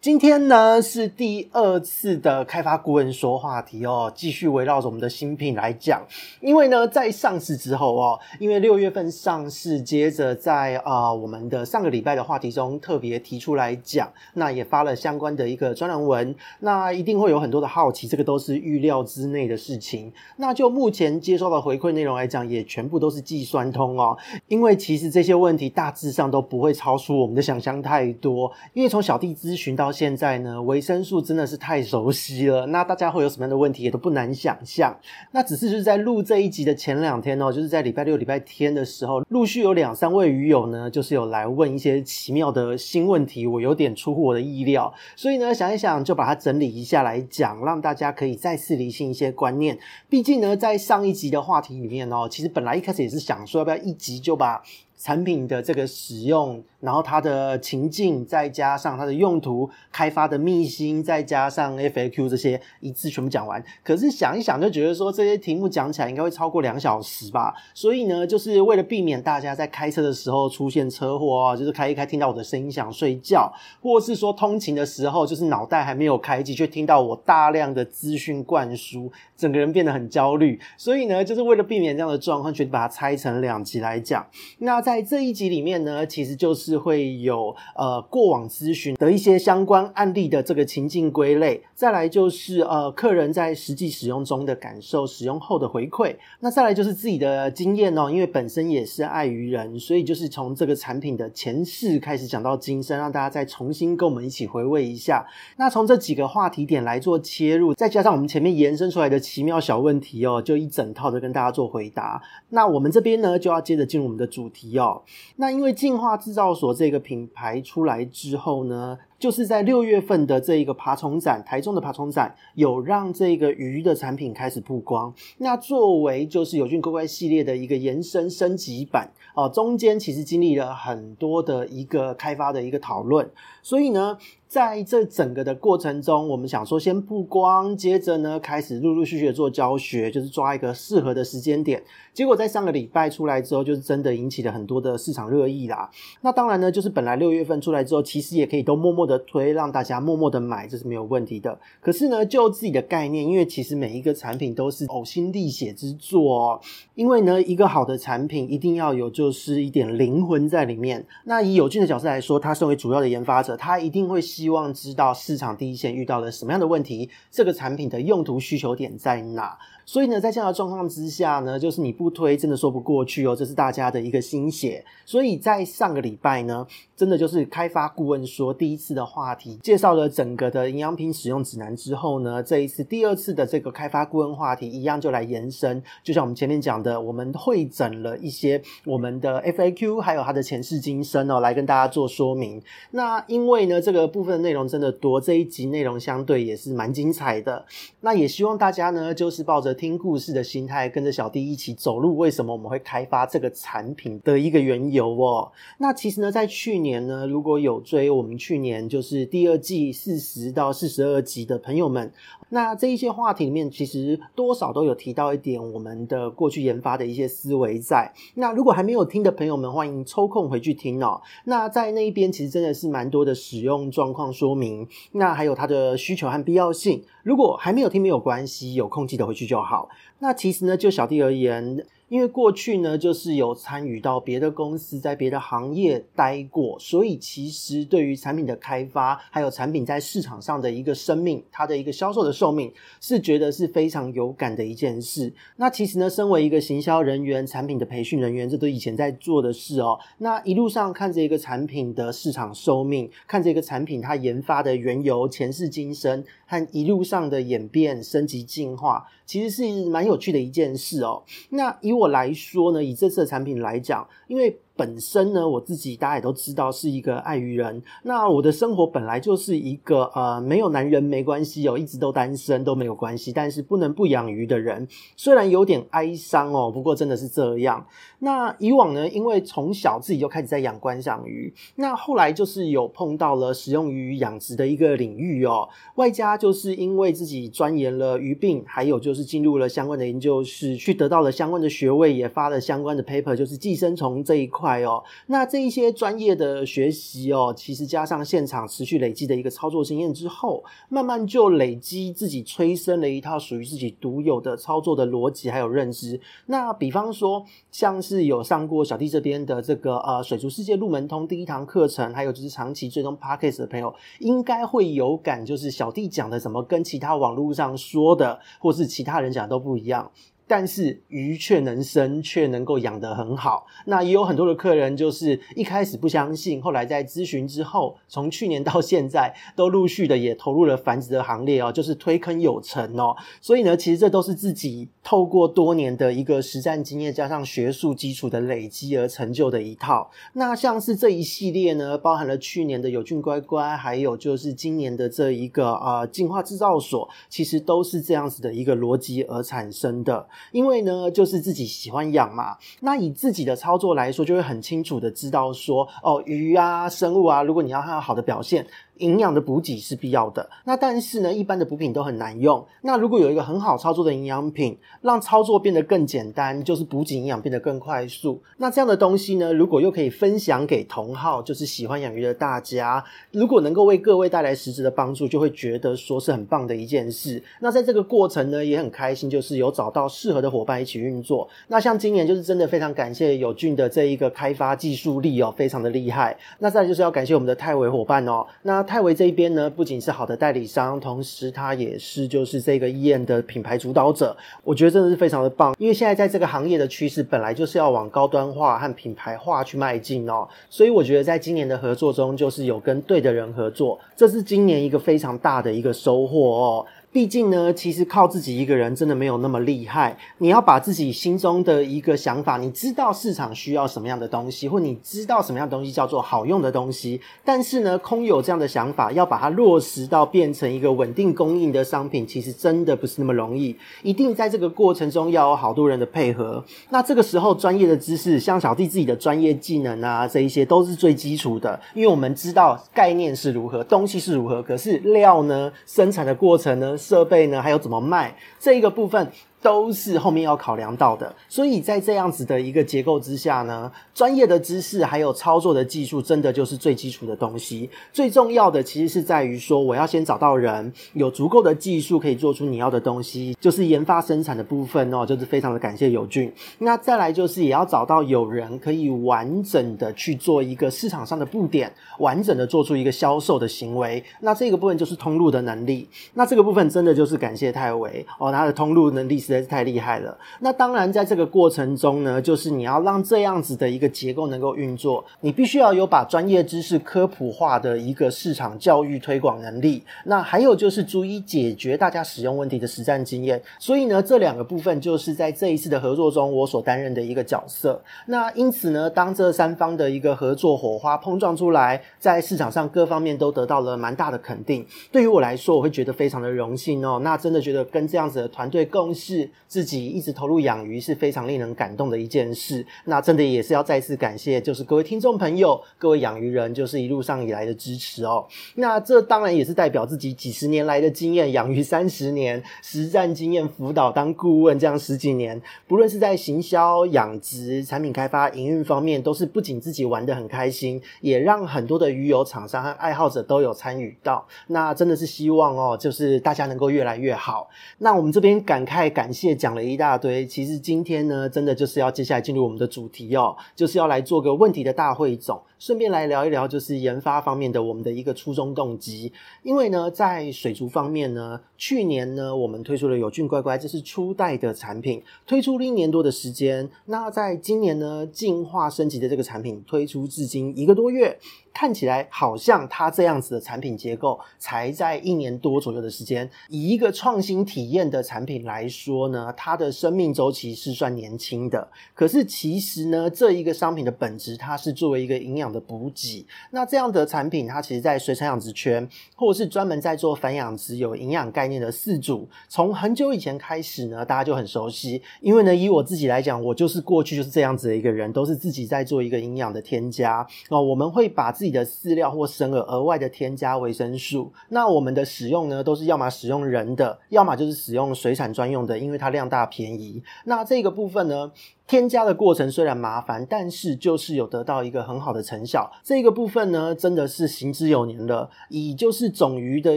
今天呢，是第二次的開發顧問說話題哦，繼續圍繞着我們的新品來講。因為呢，在上市之後哦，因為六月份上市，接着在啊，呃，我們的上個禮拜的話題中特別提出來講，那也發了相關的一個專欄文，那一定會有很多的好奇，這個都是預料之內的事情。那就目前接收到的回饋內容來講，也全部都是計算通哦，因為其實這些問題大致上都不會超出我們的想象太多，因為從小弟諮詢到。到現在呢，維生素真的是太熟悉了。那大家會有什麼樣的問題，也都不難想象。那只是就是在錄這一集的前兩天哦，就是在禮拜六、禮拜天的時候，陸續有兩三位魚友呢，就是有來問一些奇妙的新問題，我有點出乎我的意料。所以呢，想一想就把它整理一下來講，讓大家可以再次釐清一些觀念。畢竟呢，在上一集的話題裡面哦，其實本來一開始也是想說，要不要一集就把。產品的這個使用，然後它的情境，再加上它的用途，開發的秘辛，再加上 FAQ 這些，一次全部講完。可是想一想就覺得說，這些題目講起來應該會超過兩小時吧。所以呢，就是為了避免大家在開車的時候出現車禍，就是開一開聽到我的聲音想睡覺，或是說通勤的時候，就是腦袋還沒有開機卻聽到我大量的資訊灌輸，整個人變得很焦慮。所以呢，就是為了避免這樣的狀況，決定把它拆成兩集來講。那在這一集裡面呢，其實就是會有呃過往諮詢的一些相關案例的這個情境歸類，再來就是呃客人在實際使用中的感受、使用後的回饋，那再來就是自己的經驗哦、喔，因為本身也是愛魚人，所以就是從這個產品的前世開始講到今生，讓大家再重新跟我們一起回味一下。那從這幾個話題點來做切入，再加上我們前面延伸出來的奇妙小問題哦、喔，就一整套的跟大家做回答。那我們這邊呢，就要接着進入我們的主題、喔。要、哦、那因為進化製造所這個品牌出來之後呢，就是在六月份的這一個爬蟲展，台中的爬蟲展有讓這個魚的產品開始曝光。那作為就是有菌乖乖系列的一個延伸升級版哦，中間其實經歷了很多的一個開發的一個討論。所以呢，在這整個的過程中，我們想說先曝光，接着呢開始陸陸續續的做教學，就是抓一個適合的時間點。結果在上個禮拜出來之後，就是真的引起了很多的市場熱議啦。那當然呢，就是本來六月份出來之後，其實也可以都默默的推，讓大家默默的買，這是沒有問題的。可是呢，就自己的概念，因為其實每一個產品都是嘔心瀝血之作哦。因為呢，一個好的產品一定要有就是一點靈魂在裡面。那以友俊的角色來說，他身為主要的研發者，他一定會希望知道市場第一線遇到了什麼樣的問題，這個產品的用途需求點在哪。所以呢，在這樣的狀況之下呢，就是你不推真的說不過去哦，這是大家的一個心血。所以在上個禮拜呢，真的就是開發顧問說第一次的話題，介紹了整個的營養品使用指南之後呢，這一次第二次的這個開發顧問話題一樣就來延伸，就像我們前面講的。我們彙整了一些我們的 FAQ，還有它的前世今生哦，來跟大家做說明。那因為呢，這個部分的內容真的多，這一集內容相對也是蠻精彩的。那也希望大家呢，就是抱着聽故事的心態，跟着小弟一起走路。為什麼我們會開發這個產品的一個緣由哦？那其實呢，在去年呢，如果有追我們去年就是第二季四十到四十二集的朋友們，那這一些話題裡面，其實多少都有提到一點我們的過去演。發的一些思維在。那如果還沒有聽的朋友們，歡迎抽空回去聽哦。那在那一邊其實真的是蠻多的使用狀況說明，那還有它的需求和必要性。如果還沒有聽沒有關係，有空記得回去就好。那其實呢，就小弟而言。因為過去呢，就是有參與到別的公司在別的行業待過，所以其實對於產品的開發，還有產品在市場上的一個生命，它的一個銷售的壽命，是覺得是非常有感的一件事。那其實呢，身為一個行銷人員、產品的培訓人員，這都以前在做的事哦。那一路上看着一個產品的市場壽命，看着一個產品它研發的緣由、前世今生。和一路上的演變、升級、進化，其實是蠻有趣的一件事哦、喔。那以我來說呢，以這次的產品來講，因為，本身呢，我自己大家也都知道是一個愛魚人。那我的生活本來就是一個呃，沒有男人沒關係哦，一直都單身都沒有關係。但是不能不養魚的人，雖然有點哀傷哦，不過真的是這樣。那以往呢，因為從小自己就開始在養觀賞魚，那後來就是有碰到了食用魚養殖的一個領域哦。外加就是因為自己鑽研了魚病，還有就是進入了相關的研究室，去得到了相關的學位，也發了相關的 paper，就是寄生蟲這一塊。哦、那這一些專業的學習哦，其實加上現場持續累積的一個操作經驗之後，慢慢就累積自己催生了一套屬於自己獨有的操作的邏輯還有認知。那比方說，像是有上過小弟這邊的這個呃水族世界入門通第一堂課程，還有就是長期追蹤 Podcast 的朋友，應該會有感，就是小弟講的什麼跟其他網絡上說的，或是其他人講的都不一樣。但是魚卻能生，卻能夠養得很好。那也有很多的客人，就是一開始不相信，後來在諮詢之後，從去年到現在都陸續的也投入了繁殖的行列哦，就是推坑有成哦。所以呢，其實這都是自己透過多年的一個實戰經驗，加上學術基礎的累積而成就的一套。那像是這一系列呢，包含了去年的有俊乖乖，還有就是今年的這一個呃進化制造所，其實都是這樣子的一個邏輯而產生的。因為呢，就是自己喜歡養嘛，那以自己的操作來說，就會很清楚的知道說，哦，魚啊，生物啊，如果你要它有好的表現，營養的補給是必要的，那但是呢，一般的補品都很難用。那如果有一個很好操作的營養品，讓操作變得更簡單，就是補給營養變得更快速。那這樣的東西呢，如果又可以分享給同好，就是喜歡養魚的大家，如果能夠為各位帶來實質的幫助，就會覺得說是很棒的一件事。那在這個過程呢，也很開心，就是有找到適合的夥伴一起運作。那像今年就是真的非常感謝友俊的這一個開發技術力哦、喔，非常的厲害。那再來就是要感謝我們的泰維夥伴哦、喔，那。泰維這一邊呢，不僅是好的代理商，同時他也是就是這個醫院的品牌主導者，我覺得真的是非常的棒。因為現在在這個行業的趨勢，本來就是要往高端化和品牌化去邁進哦，所以我覺得在今年的合作中，就是有跟對的人合作，這是今年一個非常大的一個收穫哦。畢竟呢，其實靠自己一個人真的沒有那麼厲害。你要把自己心中的一個想法，你知道市場需要什麼樣的東西，或你知道什麼樣的東西叫做好用的東西。但是呢，空有這樣的想法，要把它落實到變成一個穩定供應的商品，其實真的不是那麼容易。一定在這個過程中要有好多人的配合。那這個時候，專業的知識，像小弟自己的專業技能啊，這一些都是最基礎的。因為我們知道概念是如何，東西是如何，可是料呢，生產的過程呢，設備呢，還有怎麼賣？這一個部分。都是後面要考量到的，所以在這樣子的一個結構之下呢，專業的知識還有操作的技術，真的就是最基礎的東西。最重要的其實是在於說，我要先找到人，有足夠的技術可以做出你要的東西，就是研發生產的部分哦、喔，就是非常的感謝友俊。那再來就是也要找到有人可以完整的去做一個市場上的布點，完整的做出一個銷售的行為。那這個部分就是通路的能力。那這個部分真的就是感謝泰維哦，他的通路能力。實在是太厲害了。那當然，在這個過程中呢，就是你要讓這樣子的一個結構能夠運作，你必須要有把專業知識科普化的一個市場教育推廣能力。那還有就是，足以解決大家使用問題的實戰經驗。所以呢，這兩個部分就是在這一次的合作中，我所擔任的一個角色。那因此呢，當這三方的一個合作火花碰撞出來，在市場上各方面都得到了蠻大的肯定。對於我來說，我會覺得非常的榮幸哦。那真的覺得跟這樣子的團隊共事。自己一直投入養魚是非常令人感動的一件事，那真的也是要再次感謝，就是各位聽眾朋友、各位養魚人，就是一路上以來的支持哦。那這當然也是代表自己幾十年來的經驗，養魚三十年，實戰經驗輔導當顧問這樣十幾年，不論是在行銷、養殖、產品開發、營運方面，都是不僅自己玩得很開心，也讓很多的魚友、廠商和愛好者都有參與到。那真的是希望哦，就是大家能夠越來越好。那我們這邊感慨感，感謝講了一大堆，其實今天呢，真的就是要接下來進入我們的主題哦，就是要來做個問題的大匯總，順便來聊一聊就是研發方面的我們的一個初衷動機。因為呢，在水族方面呢，去年呢我們推出了有俊乖乖，這是初代的產品，推出了一年多的時間。那在今年呢，進化升級的這個產品推出至今一個多月。看起來好像它這樣子的產品結構，才在一年多左右的時間，以一個創新體驗的產品來說呢，它的生命週期是算年輕的。可是其實呢，這一個商品的本質，它是作為一個營養的補給。那這樣的產品，它其實在水產養殖圈，或者是專門在做繁養殖有營養概念的飼主，從很久以前開始呢，大家就很熟悉。因為呢，以我自己來講，我就是過去就是這樣子的一個人，都是自己在做一個營養的添加。那、哦、我們會把自己的飼料或生餌，額外的添加維生素，那我們的使用呢，都是要麼使用人的，要麼就是使用水產專用的，因為它量大便宜。那這個部分呢，添加的過程雖然麻煩，但是就是有得到一個很好的成效。這個部分呢，真的是行之有年了。以就是種魚的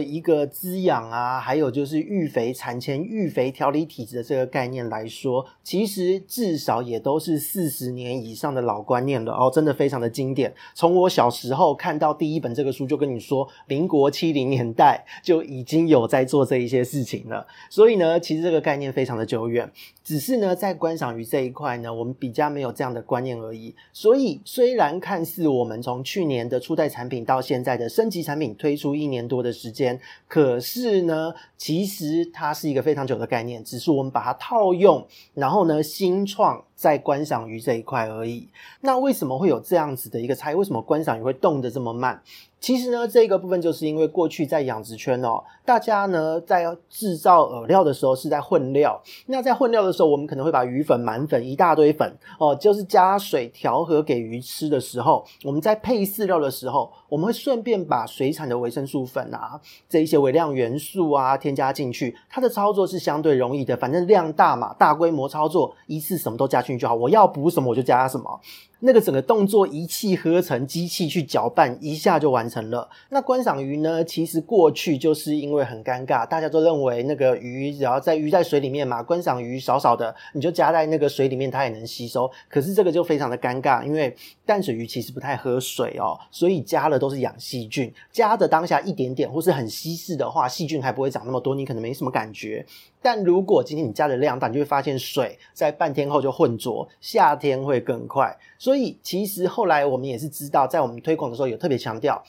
一個滋養啊，還有就是育肥產前育肥調理體質的這個概念來說，其實至少也都是四十年以上的老觀念了哦，真的非常的經典。從我小時候看到第一本這個書，就跟你說，民國七零年代就已經有在做這一些事情了。所以呢，其實這個概念非常的久遠，只是呢，在觀賞魚這一塊。那我們比較沒有這樣的觀念而已，所以雖然看似我們從去年的初代產品到現在的升級產品推出一年多的時間，可是呢，其實它是一個非常久的概念，只是我們把它套用，然後呢，新創在觀賞魚這一塊而已。那為什麼會有這樣子的一個差異？為什麼觀賞魚會動得這麼慢？其實呢，這個部分就是因為過去在養殖圈哦，大家呢在製造餌料的時候是在混料。那在混料的時候，我們可能會把魚粉、滿粉一大堆粉哦，就是加水調和給魚吃的時候，我們在配飼料的時候，我們會順便把水產的維生素粉啊這一些微量元素啊添加進去。它的操作是相對容易的，反正量大嘛，大規模操作一次什麼都加進去就好。我要補什麼我就加什麼。那個整個動作一氣呵成，機器去攪拌一下就完成了。那觀賞魚呢？其實過去就是因為很尷尬大家都認為那個魚只要在魚在水裡面嘛，觀賞魚少少的你就加在那個水裡面，它也能吸收。可是這個就非常的尷尬因為淡水魚其實不太喝水哦，所以加了都是養細菌。加的當下一點點或是很稀釋的話細菌還不會長那麼多，你可能沒什麼感覺。但如果今天你加的量大，你就會發現水在半天後就混濁，夏天會更快。所以其實後來我們也是知道，在我們推廣的時候有特別強調，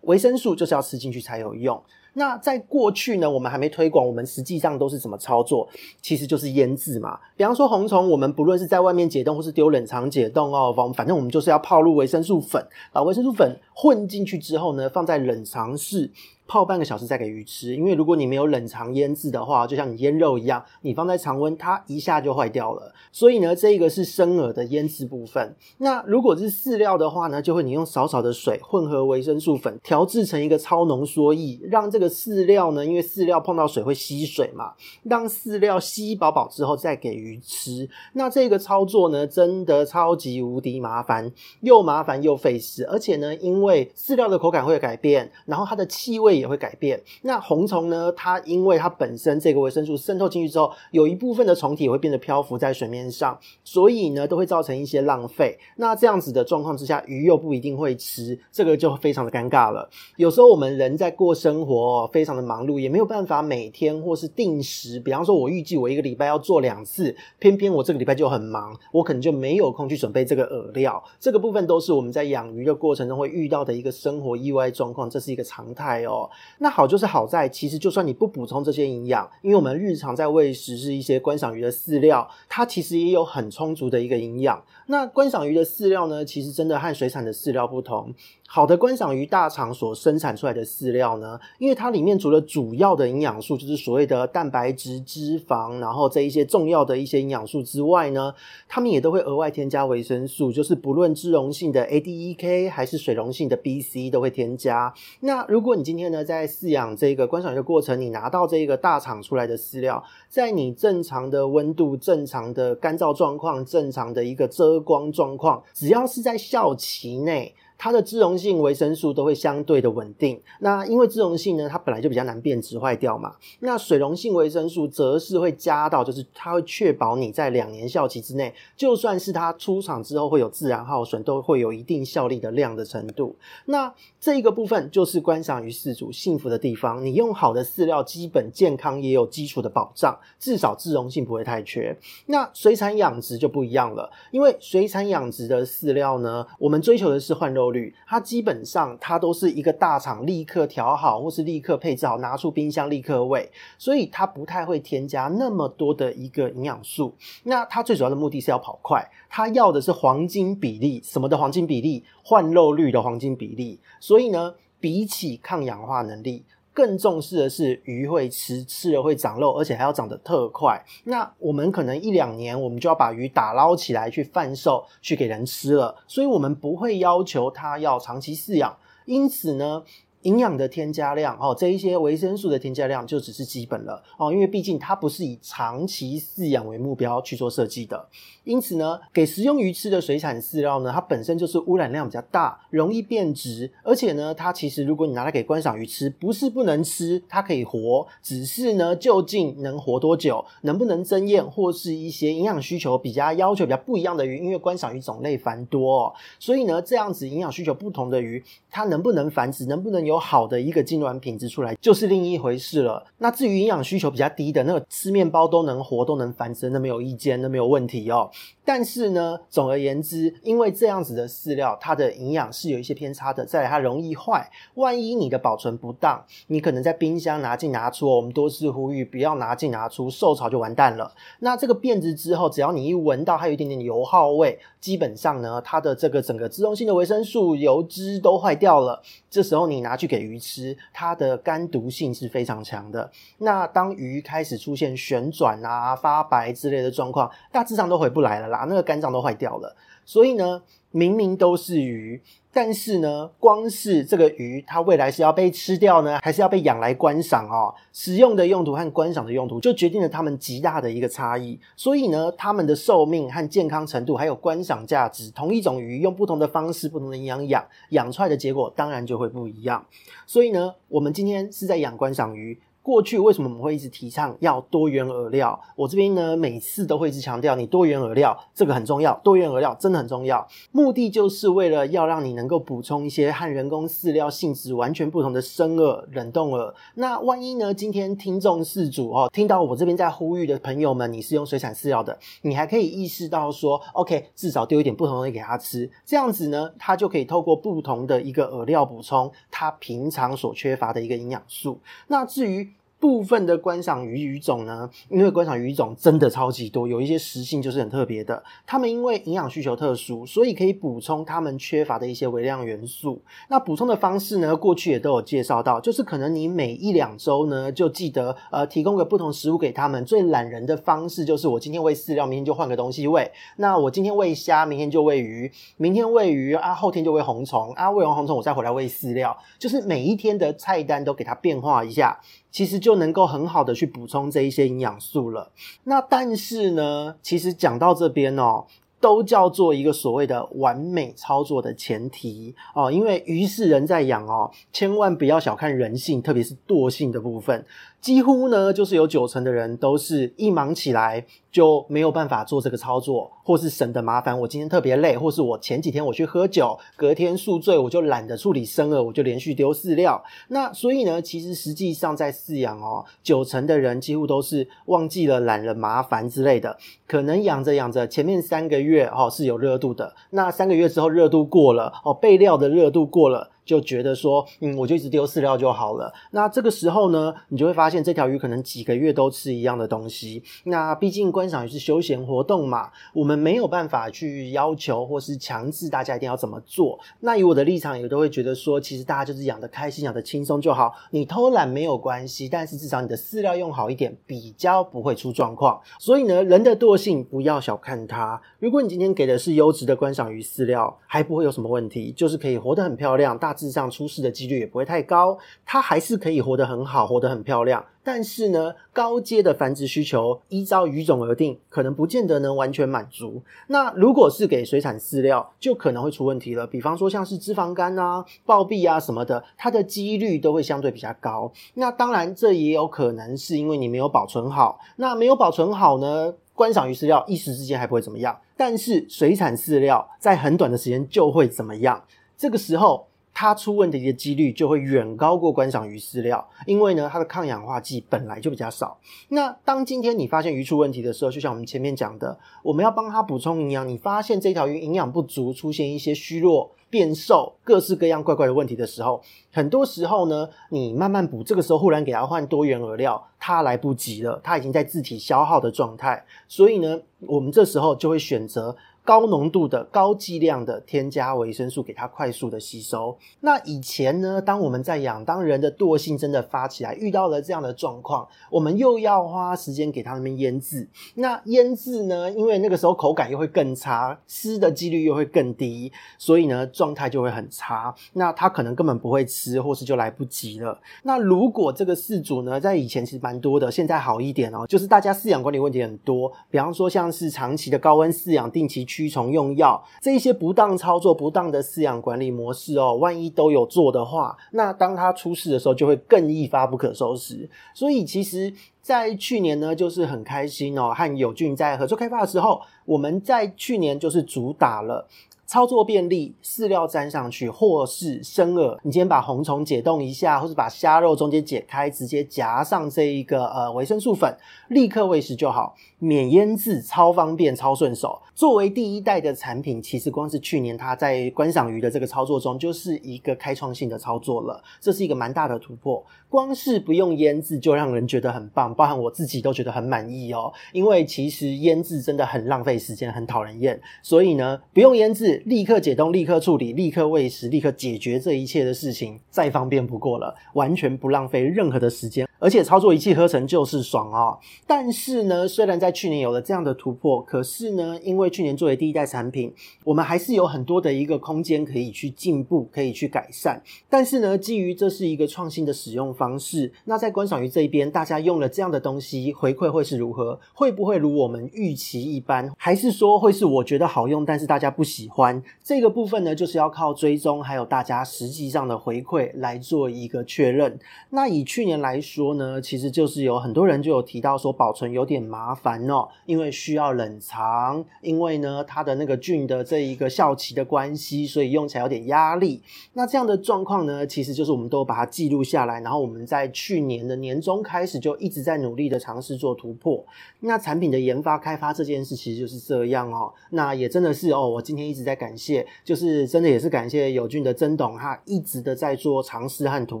維生素就是要吃進去才有用。那在過去呢，我們還沒推廣，我們實際上都是怎麼操作？其實就是醃制嘛。比方說紅蟲，我們不論是在外面解凍，或是丟冷藏解凍哦，反反正我們就是要泡入維生素粉，把維生素粉混進去之後呢，放在冷藏室。泡半個小時再給魚吃，因為如果你沒有冷藏醃製的話，就像你醃肉一樣，你放在常溫它一下就壞掉了。所以呢，這個是生餌的醃製部分。那如果是飼料的話呢，就會你用少少的水混合維生素粉調製成一個超濃縮液，讓這個飼料呢，因為飼料碰到水會吸水嘛，讓飼料吸飽飽之後再給魚吃。那這個操作呢，真的超級無敵麻煩，又麻煩又費時，而且呢，因為飼料的口感會改變，然後它的氣味也會改變。那紅蟲呢？它因為它本身這個維生素滲透進去之後，有一部分的蟲體也會變得漂浮在水面上，所以呢都會造成一些浪費。那這樣子的狀況之下，魚又不一定會吃，這個就非常的尷尬了。有時候我們人在過生活哦，非常的忙碌，也沒有辦法每天或是定時。比方說，我預計我一個禮拜要做兩次，偏偏我這個禮拜就很忙，我可能就沒有空去準備這個餌料。這個部分都是我們在養魚的過程中會遇到的一個生活意外狀況，這是一個常態哦。那好，就是好在，其實就算你不補充這些營養，因為我們日常在餵食是一些觀賞魚的飼料，它其實也有很充足的一個營養。那觀賞魚的飼料呢，其實真的和水產的飼料不同。好的觀賞魚大廠所生產出來的飼料呢，因為它裡面除了主要的營養素，就是所謂的蛋白質、脂肪，然後這一些重要的一些營養素之外呢，它們也都會額外添加維生素，就是不論脂溶性的 A、D、E、K，還是水溶性的 B、C，都會添加。那如果你今天呢，在飼養這個觀賞魚的過程，你拿到這個大廠出來的飼料，在你正常的溫度、正常的乾燥狀況、正常的一個遮光狀況，只要是在效期內。它的脂溶性維生素都會相對的穩定。那因為脂溶性呢，它本來就比較難變質壞掉嘛。那水溶性維生素則是會加到，就是它會確保你在兩年效期之內，就算是它出廠之後會有自然耗損，都會有一定效力的量的程度。那這一個部分就是觀賞魚飼主幸福的地方。你用好的飼料，基本健康也有基礎的保障，至少脂溶性不會太缺。那水產養殖就不一樣了，因為水產養殖的飼料呢，我們追求的是換肉。它基本上，它都是一個大廠立刻調好，或是立刻配置好，拿出冰箱立刻餵，所以它不太會添加那麼多的一個營養素。那它最主要的目的是要跑快，它要的是黃金比例，什麼的黃金比例？換肉率的黃金比例。所以呢，比起抗氧化能力，更重視的是魚會吃，吃了會長肉，而且還要長得特快。那我們可能一兩年，我們就要把魚打撈起來去販售，去給人吃了。所以我們不會要求它要長期飼養。因此呢。營養的添加量哦，這一些維生素的添加量就只是基本了哦，因為畢竟它不是以長期飼養為目標去做設計的。因此呢，給食用魚吃的水產飼料呢，它本身就是污染量比較大，容易變質，而且呢，它其實如果你拿來給觀賞魚吃，不是不能吃，它可以活，只是呢，究竟能活多久，能不能增豔或是一些營養需求比較要求比較不一樣的魚，因為觀賞魚種類繁多，哦，所以呢，這樣子營養需求不同的魚，它能不能繁殖，能不能有有好的一個精卵品質出來就是另一回事了。那至於營養需求比較低的那個，吃麵包都能活都能繁殖，那沒有意見，那沒有問題哦。但是呢，總而言之，因為這樣子的飼料，它的營養是有一些偏差的。再來，它容易壞，萬一你的保存不當，你可能在冰箱拿進拿出哦，我們多次呼籲不要拿進拿出，受潮就完蛋了。那這個變質之後，只要你一聞到它有一點點油耗味，基本上呢，它的這個整個脂溶性的維生素、油脂都壞掉了。這時候你拿去給魚吃，它的肝毒性是非常強的。那當魚開始出現旋轉啊、發白之類的狀況，大致上都回不來了。啦，那個肝臟都壞掉了。所以呢，明明都是魚，但是呢，光是這個魚，它未來是要被吃掉呢，還是要被養來觀賞哦？食用的用途和觀賞的用途，就決定了它們極大的一個差異。所以呢，它們的壽命和健康程度，還有觀賞價值，同一種魚用不同的方式、不同的營養養養出來的結果，當然就會不一樣。所以呢，我們今天是在養觀賞魚。過去為什麼我們會一直提倡要多元餌料？我這邊呢，每次都會一直強調，你多元餌料這個很重要，多元餌料真的很重要。目的就是為了要讓你能夠補充一些和人工飼料性質完全不同的生餌、冷凍餌。那萬一呢，今天聽眾飼主哦，聽到我這邊在呼籲的朋友們，你是用水產飼料的，你還可以意識到說，OK，至少丟一點不同的東西給它吃，這樣子呢，它就可以透過不同的一個餌料補充它平常所缺乏的一個營養素。那至於，部分的觀賞魚魚種呢，因為觀賞魚種真的超級多，有一些食性就是很特別的。它們因為營養需求特殊，所以可以補充它們缺乏的一些微量元素。那補充的方式呢，過去也都有介紹到，就是可能你每一兩周呢，就記得呃提供個不同食物給它們。最懶人的方式就是我今天餵飼料，明天就換個東西餵。那我今天餵蝦，明天就餵魚，明天餵魚啊，後天就餵紅蟲啊，餵完紅蟲我再回來餵飼料，就是每一天的菜單都給它變化一下。其實就能夠很好的去補充這一些營養素了。那但是呢，其實講到這邊哦，都叫做一個所謂的完美操作的前提哦，因為魚是人在養哦，千萬不要小看人性，特別是惰性的部分。幾乎呢，就是有九成的人都是一忙起來就沒有辦法做這個操作，或是省得麻煩。我今天特別累，或是我前幾天我去喝酒，隔天宿醉，我就懶得處理生餌，我就連續丟飼料。那所以呢，其實實際上在飼養哦，九成的人幾乎都是忘記了懶了，麻煩之類的。可能養着養着，前面三個月哦是有熱度的，那三個月之後熱度過了哦，備料的熱度過了。哦就覺得說，嗯，我就一直丟飼料就好了。那這個時候呢，你就會發現這條魚可能幾個月都吃一樣的東西。那畢竟觀賞魚是休閒活動嘛，我們沒有辦法去要求或是強制大家一定要怎麼做。那以我的立場也都會覺得說，其實大家就是養的開心、養的輕鬆就好。你偷懶沒有關係，但是至少你的飼料用好一點，比較不會出狀況。所以呢，人的惰性不要小看它。如果你今天給的是優質的觀賞魚飼料，還不會有什麼問題，就是可以活得很漂亮。大。致上出事的幾率也不會太高，它還是可以活得很好，活得很漂亮。但是呢，高階的繁殖需求依照魚種而定，可能不見得能完全滿足。那如果是給水產飼料，就可能會出問題了。比方說像是脂肪肝啊、暴斃啊什麼的，它的幾率都會相對比較高。那當然，這也有可能是因為你沒有保存好。那沒有保存好呢，觀賞魚飼料一時之間還不會怎麼樣，但是水產飼料在很短的時間就會怎麼樣。這個時候。它出問題的幾率就會遠高過觀賞魚飼料，因為呢，它的抗氧化劑本來就比較少。那當今天你發現魚出問題的時候，就像我們前面講的，我們要幫它補充營養。你發現這條魚營養不足，出現一些虛弱、變瘦、各式各樣怪怪的問題的時候，很多時候呢，你慢慢補，這個時候忽然給它換多元餌料，它來不及了，它已經在自體消耗的狀態。所以呢，我們這時候就會選擇。高濃度的、高劑量的添加維生素，給它快速的吸收。那以前呢，當我們在養，當人的惰性真的發起來，遇到了這樣的狀況，我們又要花時間給它那邊醃製。那醃製呢，因為那個時候口感又會更差，吃的幾率又會更低，所以呢，狀態就會很差。那它可能根本不會吃，或是就來不及了。那如果這個飼主呢，在以前其實蠻多的，現在好一點哦、喔，就是大家飼養管理問題很多，比方說像是長期的高溫飼養，定期。驅蟲用藥這一些不當操作，不當的飼養管理模式哦，萬一都有做的話，那當它出事的時候，就會更一發不可收拾。所以其實，在去年呢，就是很開心哦，和友俊在合作開發的時候，我們在去年就是主打了操作便利，飼料粘上去或是生餌，你先把紅蟲解凍一下，或者把蝦肉中間解開，直接夾上這一個呃維生素粉，立刻餵食就好。免醃製，超方便，超順手，作為第一代的產品，其實光是去年它在觀賞魚的這個操作中，就是一個開創性的操作了。這是一個蠻大的突破，光是不用醃製就讓人覺得很棒，包含我自己都覺得很滿意哦。因為其實醃製真的很浪費時間，很討人厭，所以呢，不用醃製，立刻解凍，立刻處理，立刻餵食，立刻解決這一切的事情，再方便不過了，完全不浪費任何的時間。而且操作一氣呵成就是爽哦。但是呢，雖然在去年有了這樣的突破，可是呢，因為去年作為第一代產品，我們還是有很多的一個空間可以去進步，可以去改善。但是呢，基於這是一個創新的使用方式，那在觀賞魚這一邊，大家用了這樣的東西，回饋會是如何？會不會如我們預期一般？還是說會是我覺得好用，但是大家不喜歡？這個部分呢，就是要靠追蹤，還有大家實際上的回饋來做一個確認。那以去年來說。呢，其實就是有很多人就有提到說保存有點麻煩哦，因為需要冷藏，因為呢，它的那個菌的這一個效期的關係，所以用起來有點壓力。那這樣的狀況呢，其實就是我們都把它記錄下來，然後我們在去年的年終開始就一直在努力的嘗試做突破。那產品的研發開發這件事其實就是這樣哦，那也真的是哦，我今天一直在感謝，就是真的也是感謝友俊的曾董，哈，一直的在做嘗試和突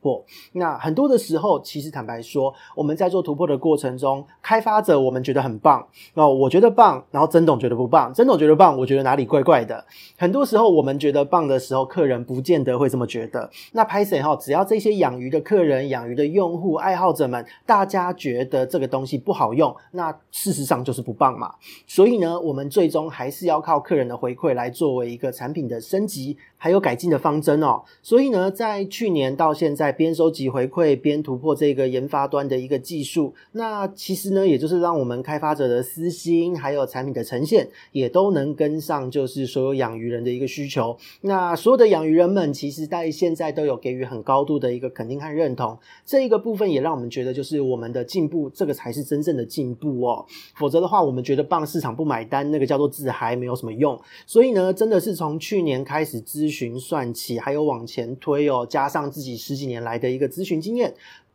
破。那很多的時候，其實坦白。來說，我們在做突破的過程中，開發者我們覺得很棒，那、哦、我覺得棒，然後曾總覺得不棒，曾總覺得棒，我覺得哪裡怪怪的。很多時候我們覺得棒的時候，客人不見得會這麼覺得。那派森哈，只要這些養魚的客人、養魚的用戶、愛好者們，大家覺得這個東西不好用，那事實上就是不棒嘛。所以呢，我們最終還是要靠客人的回饋來作為一個產品的升級還有改進的方針哦。所以呢，在去年到現在，邊收集回饋邊突破這個也。研發端的一個技術，那其實呢，也就是讓我們開發者的私心，還有產品的呈現，也都能跟上，就是所有養魚人的一個需求。那所有的養魚人們，其實在現在都有給予很高度的一個肯定和認同。這一個部分也讓我們覺得，就是我們的進步，這個才是真正的進步哦。否則的話，我們覺得棒，市場不買單，那個叫做自嗨，沒有什麼用。所以呢，真的是從去年開始諮詢算起，還有往前推哦，加上自己十幾年來的一個諮詢經驗。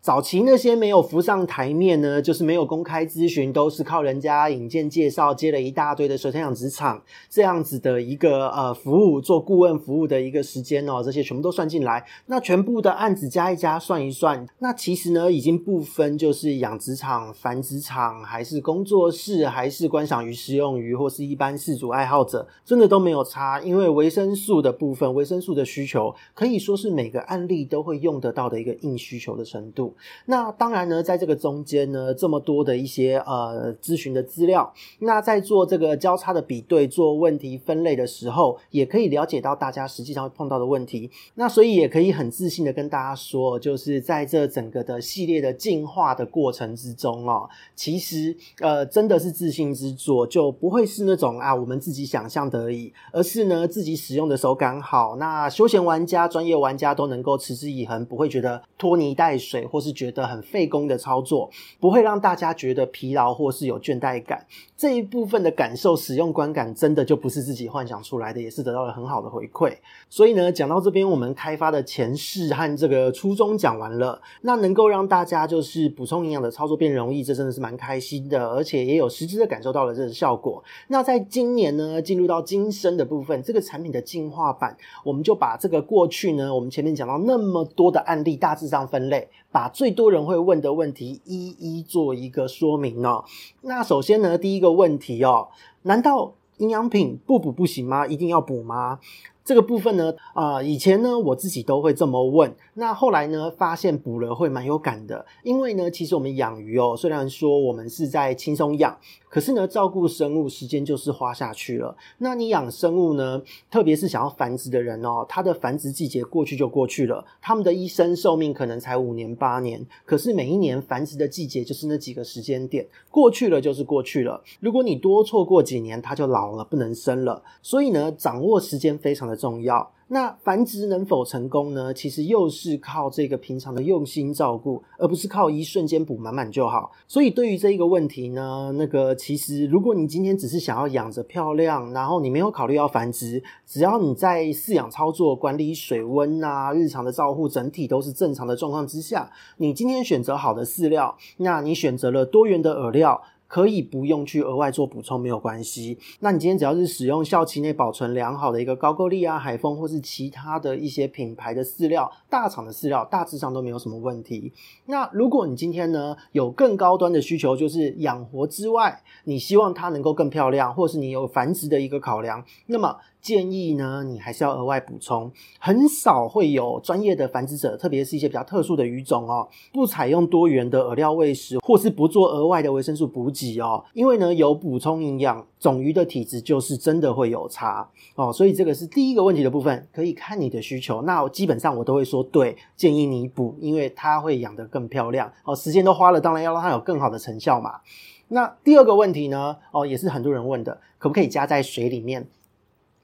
早期那些沒有浮上台面呢，就是沒有公開諮詢，都是靠人家引薦介紹，接了一大堆的水產養殖場，這樣子的一個呃服務，做顧問服務的一個時間哦，這些全部都算進來。那全部的案子加一加算一算，那其實呢，已經不分就是養殖場、繁殖場，還是工作室，還是觀賞魚、食用魚，或是一般飼主愛好者，真的都沒有差，因為維生素的部分，維生素的需求可以說是每個案例都會用得到的一個硬需求的程度。那當然呢，在這個中間呢，這麼多的一些呃諮詢的資料，那在做這個交叉的比對、做問題分類的時候，也可以了解到大家實際上會碰到的問題。那所以也可以很自信的跟大家說，就是在這整個的系列的進化的過程之中哦，其實呃真的是自信之作，就不會是那種啊我們自己想象的而已，而是呢自己使用的手感好，那休閒玩家、專業玩家都能夠持之以恆，不會覺得拖泥帶水或者。或是覺得很費工的操作，不會讓大家覺得疲勞或是有倦怠感，這一部分的感受、使用觀感，真的就不是自己幻想出來的，也是得到了很好的回饋。所以呢，講到這邊，我們開發的前世和這個初衷講完了，那能夠讓大家就是補充營養的操作變容易，這真的是蠻開心的，而且也有實質的感受到了這個效果。那在今年呢，進入到今生的部分，這個產品的進化版，我們就把這個過去呢，我們前面講到那麼多的案例，大致上分類。把最多人會問的問題一一做一個說明哦。那首先呢，第一個問題哦，難道營養品不補不行嗎？一定要補嗎？這個部分呢，啊、呃，以前呢我自己都會這麼問，那後來呢發現補了會蠻有感的，因為呢，其實我們養魚哦，雖然說我們是在輕鬆養，可是呢，照顧生物時間就是花下去了。那你養生物呢，特別是想要繁殖的人哦，它的繁殖季節過去就過去了，他們的一生壽命可能才五年八年，可是每一年繁殖的季節就是那幾個時間點，過去了就是過去了。如果你多錯過幾年，它就老了不能生了。所以呢，掌握時間非常的重要，那繁殖能否成功呢？其實又是靠這個平常的用心照顧，而不是靠一瞬間補滿滿就好。所以對於這一個問題呢，那個其實如果你今天只是想要養着漂亮，然後你沒有考慮要繁殖，只要你在飼養操作、管理水溫啊、日常的照護，整體都是正常的狀況之下，你今天選擇好的飼料，那你選擇了多元的餌料。可以不用去額外做補充，沒有關係。那你今天只要是使用效期內保存良好的一個高夠力啊、海豐，或是其他的一些品牌的飼料，大廠的飼料大致上都沒有什麼問題。那如果你今天呢，有更高端的需求，就是養活之外，你希望它能夠更漂亮，或是你有繁殖的一個考量，那麼。建議呢，你還是要額外補充。很少會有專業的繁殖者，特別是一些比較特殊的魚種哦，不採用多元的餌料餵食，或是不做額外的維生素補給哦。因為呢，有補充營養，種魚的體質就是真的會有差哦。所以這個是第一個問題的部分，可以看你的需求。那我基本上我都會說對，建議你補，因為它會養得更漂亮哦。時間都花了，當然要讓它有更好的成效嘛。那第二個問題呢，哦，也是很多人問的，可不可以加在水裡面？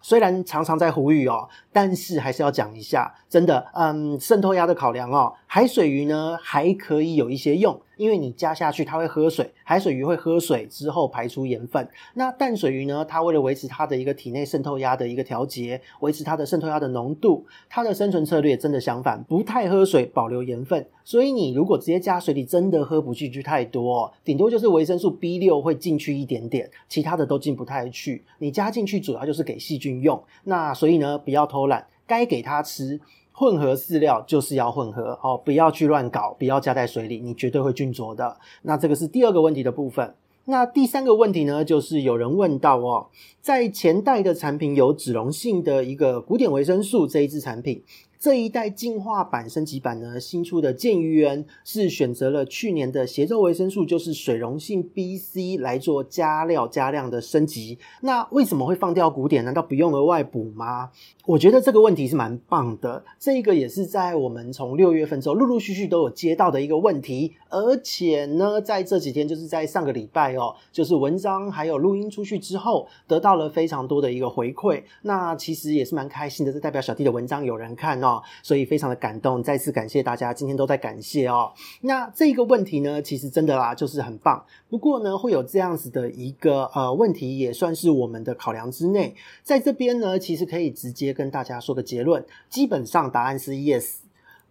雖然常常在呼籲哦，但是還是要講一下，真的，嗯，滲透壓的考量哦，海水魚呢還可以有一些用。因為你加下去，它會喝水，海水魚會喝水之後排出鹽分。那淡水魚呢？它為了維持它的一個體內滲透壓的一個調節，維持它的滲透壓的濃度，它的生存策略真的相反，不太喝水，保留鹽分。所以你如果直接加水裡，真的喝不進去太多，頂多就是維生素 B6 會進去一點點，其他的都進不太去。你加進去主要就是給細菌用。那所以呢，不要偷懶，該給它吃。混合飼料就是要混合哦，不要去亂搞，不要加在水裡，你絕對會菌濁的。那這個是第二個問題的部分。那第三個問題呢，就是有人問到哦，在前代的產品有脂溶性的一個古典維生素這一支產品。這一代進化版、升級版呢，新出的健魚源是選擇了去年的協作維生素，就是水溶性 B C 來做加料加量的升級。那為什麼會放掉古典？難道不用額外補嗎？我覺得這個問題是蠻棒的。這個也是在我們從六月份之後陸陸續續都有接到的一個問題。而且呢，在這幾天，就是在上個禮拜哦，就是文章還有錄音出去之後，得到了非常多的一個回饋。那其實也是蠻開心的，這代表小弟的文章有人看哦，所以非常的感動，再次感謝大家今天都在感謝哦。那這個問題呢，其實真的啦，就是很棒。不過呢，會有這樣子的一個呃問題，也算是我們的考量之內。在這邊呢，其實可以直接跟大家說個結論，基本上答案是 yes。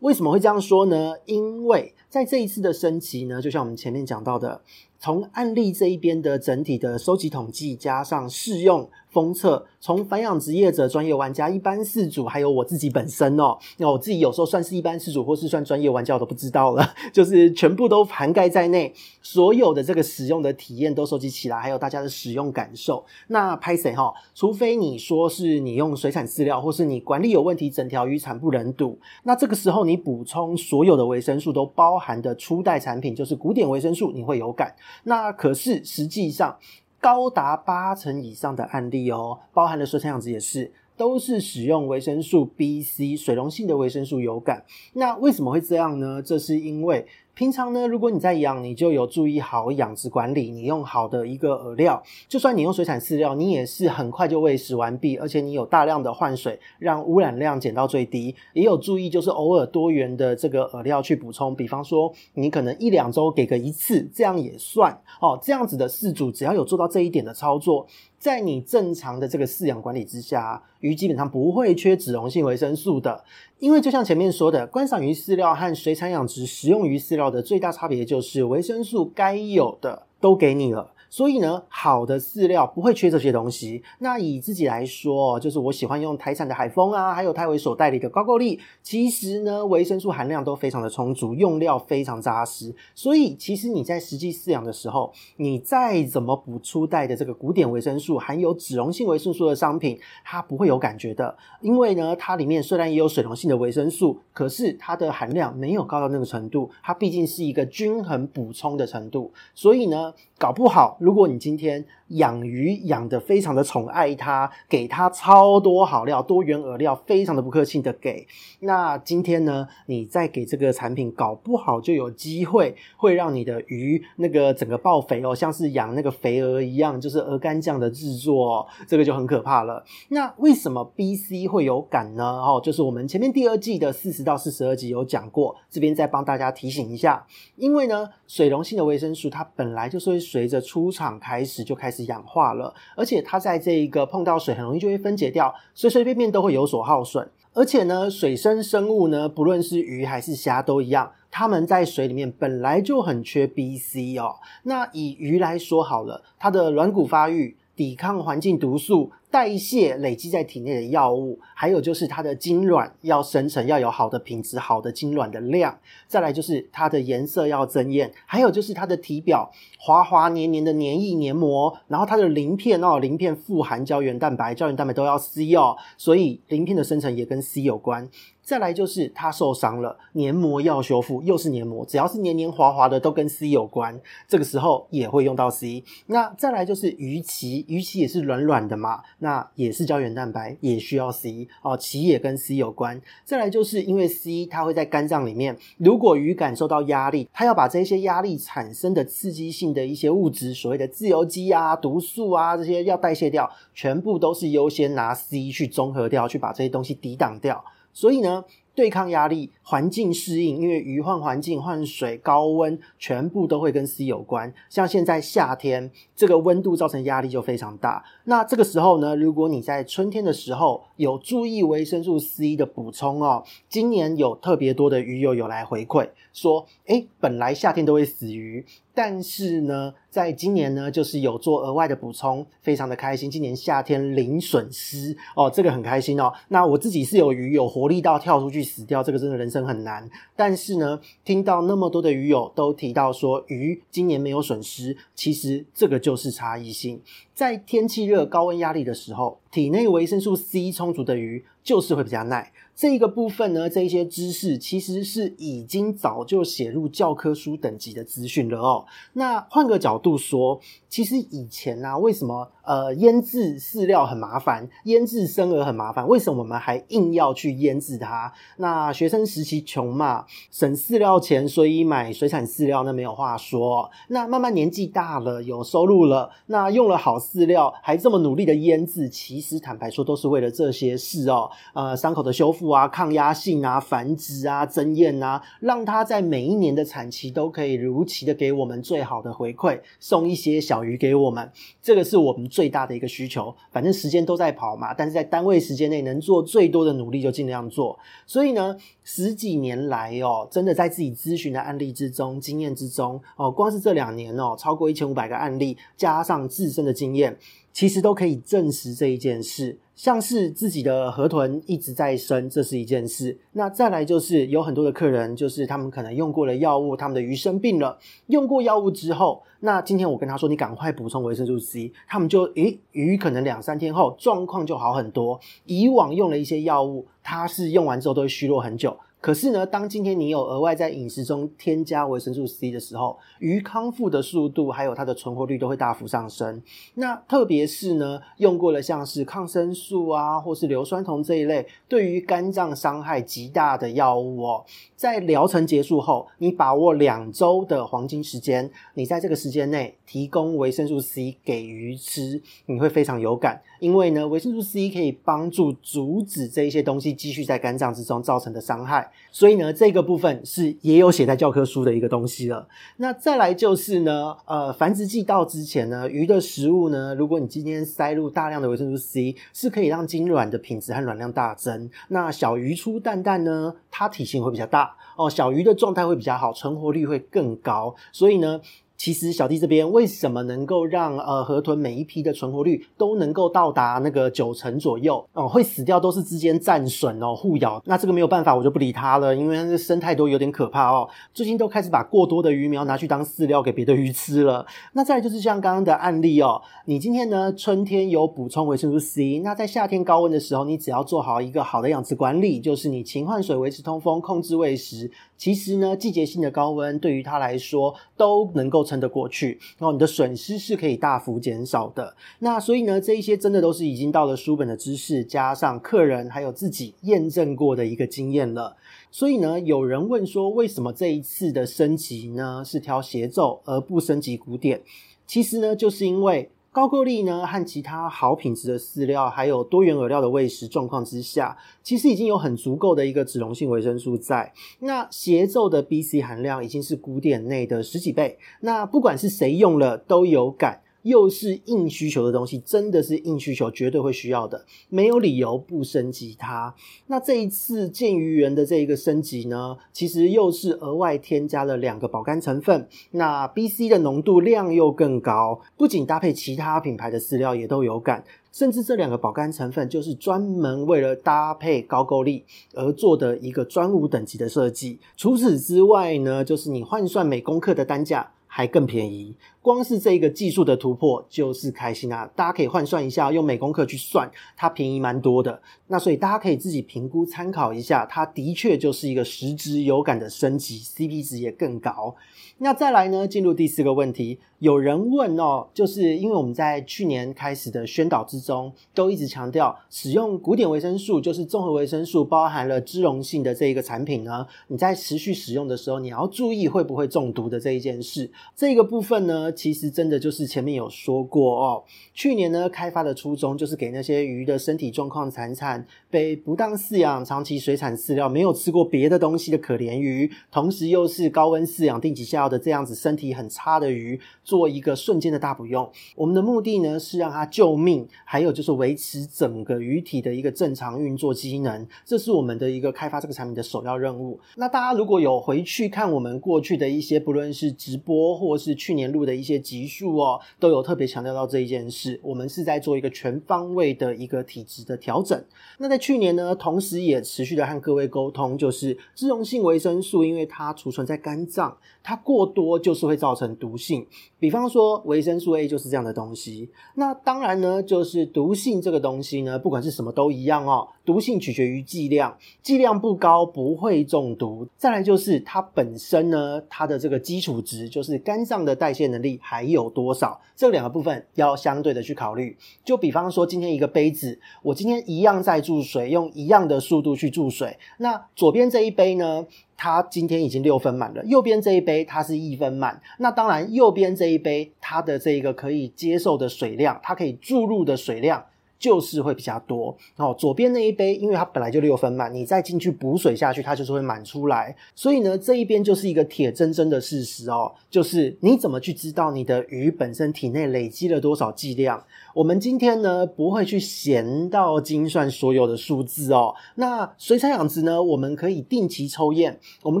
為什麼會這樣說呢？因為在這一次的升級呢，就像我們前面講到的，從案例這一邊的整體的收集統計，加上試用封測，從繁養殖業者、專業玩家、一般飼主，還有我自己本身哦、喔，那我自己有時候算是一般飼主，或是算專業玩家，我都不知道了，就是全部都涵蓋在內，所有的這個使用的體驗都收集起來，還有大家的使用感受。那拍謝哈、喔，除非你說是你用水產飼料，或是你管理有問題，整條魚慘不忍睹，那這個時候你補充所有的維生素都包含的初代產品就是古典維生素，你會有感。那可是實際上高達八成以上的案例哦、喔，包含的是這樣子也是，都是使用維生素 B、C 水溶性的維生素有感。那為什麼會這樣呢？這是因為。平常呢，如果你在養，你就有注意好養殖管理，你用好的一個餌料，就算你用水產飼料，你也是很快就餵食完畢，而且你有大量的換水，讓污染量減到最低，也有注意就是偶爾多元的這個餌料去補充，比方說你可能一兩周給個一次，這樣也算哦，這樣子的飼主只要有做到這一點的操作。在你正常的這個飼養管理之下，魚基本上不會缺脂溶性維生素的，因為就像前面說的，觀賞魚飼料和水產養殖食用魚飼料的最大差別就是維生素該有的都給你了。所以呢，好的飼料不會缺這些東西。那以自己來說，就是我喜歡用台產的海豐啊，還有泰維所代理的高夠力。其實呢，維生素含量都非常的充足，用料非常紮實。所以其實你在實際飼養的時候，你再怎麼補初代的這個古典維生素，含有脂溶性維生素、素的商品，它不會有感覺的。因為呢，它裡面雖然也有水溶性的維生素，可是它的含量沒有高到那個程度。它畢竟是一個均衡補充的程度，所以呢，搞不好。如果你今天，養魚養的非常的寵愛它，給它超多好料，多元餌料，非常的不客氣的給。那今天呢，你再給這個產品，搞不好就有機會會讓你的魚那個整個爆肥哦，像是養那個肥鵝一樣，就是鵝肝醬的製作哦，這個就很可怕了。那為什麼 B、C 會有感呢？哦，就是我們前面第二季的四十到四十二集有講過，這邊再幫大家提醒一下，因為呢，水溶性的維生素它本來就是會隨着出廠開始就開始。氧化了，而且它在這一個碰到水，很容易就會分解掉，隨隨便便都會有所耗損。而且呢，水生生物呢，不論是魚還是蝦都一樣，它們在水裡面本來就很缺 BC 哦。那以魚來說好了，它的軟骨發育。抵抗環境毒素、代謝累積在體內的藥物，還有就是它的精卵要生成，要有好的品質、好的精卵的量，再來就是它的顏色要增艷，還有就是它的體表滑滑黏黏的黏液黏膜，然後它的鱗片哦，鱗片富含膠原蛋白，膠原蛋白都要 C 哦，所以鱗片的生成也跟 C 有關。再來就是它受傷了，黏膜要修復，又是黏膜，只要是黏黏滑滑的都跟 C 有關，這個時候也會用到 C。那再來就是魚鰭，魚鰭也是軟軟的嘛，那也是膠原蛋白，也需要 C 哦，鰭也跟 C 有關。再來就是因為 C 它會在肝臟裡面，如果魚感受到壓力，它要把這些壓力產生的刺激性的一些物質，所謂的自由基啊、毒素啊這些要代謝掉，全部都是優先拿 C 去中和掉，去把這些東西抵擋掉。所以呢，對抗壓力。環境適應，因為魚換環境、換水、高溫，全部都會跟 C 有關。像現在夏天，這個溫度造成壓力就非常大。那這個時候呢，如果你在春天的時候有注意維生素 C 的補充哦，今年有特別多的魚友有，有來回饋說，哎，本來夏天都會死魚，但是呢，在今年呢，就是有做額外的補充，非常的開心。今年夏天零損失哦，這個很開心哦。那我自己是有魚有活力到跳出去死掉，這個真的人生。很難，但是呢，聽到那麼多的魚友都提到說魚今年沒有損失，其實這個就是差異性。在天氣熱、高溫壓力的時候，體內維生素 C 充足的魚就是會比較耐。這一個部分呢，這一些知識其實是已經早就寫入教科書等級的資訊了哦。那換個角度說，其實以前啊，為什麼呃醃製飼料很麻煩，醃製生餌？很麻煩為什麼我們還硬要去醃製它？那學生時期窮嘛，省飼料錢，所以買水產飼料那沒有話說哦。那慢慢年紀大了，有收入了，那用了好飼料還這麼努力的醃製，其實坦白說都是為了這些事哦。呃，傷口的修復。啊，抗壓性啊，繁殖啊，增豔啊，讓它在每一年的產期都可以如期的給我們最好的回饋，送一些小魚給我們，這個是我們最大的一個需求。反正時間都在跑嘛，但是在單位時間內能做最多的努力就盡量做。所以呢，十幾年來哦，真的在自己諮詢的案例之中、經驗之中哦，呃，光是這兩年哦，超過一千五百個案例，加上自身的經驗。其實都可以證實這一件事，像是自己的河豚一直在生，這是一件事。那再來就是有很多的客人，就是他們可能用過了藥物，他們的魚生病了，用過藥物之後，那今天我跟他說，你趕快補充維生素 C，他們就誒，魚可能兩三天後狀況就好很多。以往用了一些藥物，它是用完之後都會虛弱很久。可是呢，當今天你有額外在飲食中添加維生素 C 的時候，魚康復的速度還有它的存活率都會大幅上升。那特別是呢，用過了像是抗生素啊，或是硫酸銅這一類對於肝臟傷害極大的藥物哦，在療程結束後，你把握兩周的黃金時間，你在這個時間內提供維生素 C 給魚吃，你會非常有感，因為呢，維生素 C 可以幫助阻止這一些東西繼續在肝臟之中造成的傷害。所以呢，這個部分是也有寫在教科書的一個東西了。那再來就是呢，呃，繁殖季到之前呢，魚的食物呢，如果你今天塞入大量的維生素 C，是可以讓精卵的品質和卵量大增。那小魚出蛋蛋呢，它體型會比較大哦，小魚的狀態會比較好，存活率會更高。所以呢。其實小弟這邊為什麼能夠讓呃河豚，每一批的存活率都能夠到達那個九成左右哦、嗯？會死掉都是之間戰損哦，互咬。那這個沒有辦法，我就不理它了，因為生態都有點可怕哦。最近都開始把過多的魚苗拿去當飼料給別的魚吃了。那再來就是像剛剛的案例哦，你今天呢春天有補充維生素 C，那在夏天高溫的時候，你只要做好一個好的養殖管理，就是你勤換水、維持通風、控制餵食。其實呢，季節性的高溫對於它來說都能夠撐得過去，然後你的損失是可以大幅減少的。那所以呢，這一些真的都是已經到了書本的知識，加上客人還有自己驗證過的一個經驗了。所以呢，有人問說，為什麼這一次的升級呢是挑協奏而不升級古典？其實呢，就是因為，高鈣力呢，和其他好品質的飼料，還有多元餌料的餵食狀況之下，其實已經有很足夠的一個脂溶性維生素在。那協奏的 BC 含量已經是古典內的十幾倍。那不管是誰用了都有感。又是硬需求的東西，真的是硬需求，絕對會需要的，沒有理由不升級它。那這一次健魚源的這一個升級呢，其實又是額外添加了兩個保肝成分，那 B、C 的濃度量又更高，不僅搭配其他品牌的飼料也都有感，甚至這兩個保肝成分就是專門為了搭配高夠力而做的一個專五等級的設計。除此之外呢，就是你換算每公克的單價還更便宜。光是這一個技術的突破就是開心啊！大家可以換算一下，用每公克去算，它便宜蠻多的。那所以大家可以自己評估參考一下，它的確就是一個實質有感的升級，CP 值也更高。那再來呢，進入第四個問題，有人問哦，就是因為我們在去年開始的宣導之中，都一直強調使用古典維生素，就是綜合維生素包含了脂溶性的這一個產品呢，你在持續使用的時候，你要注意會不會中毒的這一件事。這個部分呢，其實真的就是前面有說過哦，去年呢開發的初衷就是給那些魚的身體狀況慘慘，被不當飼養、長期水產飼料、沒有吃過別的東西的可憐魚，同時又是高溫飼養、定期下藥的這樣子身體很差的魚，做一個瞬間的大補用。我們的目的呢是讓它救命，還有就是維持整個魚體的一個正常運作機能，這是我們的一個開發這個產品的首要任務。那大家如果有回去看我們過去的一些，不論是直播或是去年錄的。一些集數哦，都有特別強調到這一件事。我們是在做一個全方位的一個體質的調整。那在去年呢，同時也持續的和各位溝通，就是脂溶性維生素，因為它儲存在肝臟，它過多就是會造成毒性。比方說維生素 A 就是這樣的東西。那當然呢，就是毒性這個東西呢，不管是什麼都一樣哦。毒性取決於劑量，劑量不高不會中毒。再來就是它本身呢，它的這個基礎值，就是肝臟的代謝能力。還有多少？這兩個部分要相對的去考慮。就比方說，今天一個杯子，我今天一樣在注水，用一樣的速度去注水。那左邊這一杯呢，它今天已經六分滿了；右邊這一杯，它是一分滿。那當然，右邊這一杯，它的這個可以接受的水量，它可以注入的水量。就是會比較多哦。左邊那一杯，因為它本來就六分滿，你再進去補水下去，它就是會滿出來。所以呢，這一邊就是一個鐵錚錚的事實哦。就是你怎麼去知道你的魚本身體內累積了多少劑量？我們今天呢不會去閒到精算所有的數字哦。那水產養殖呢，我們可以定期抽驗，我們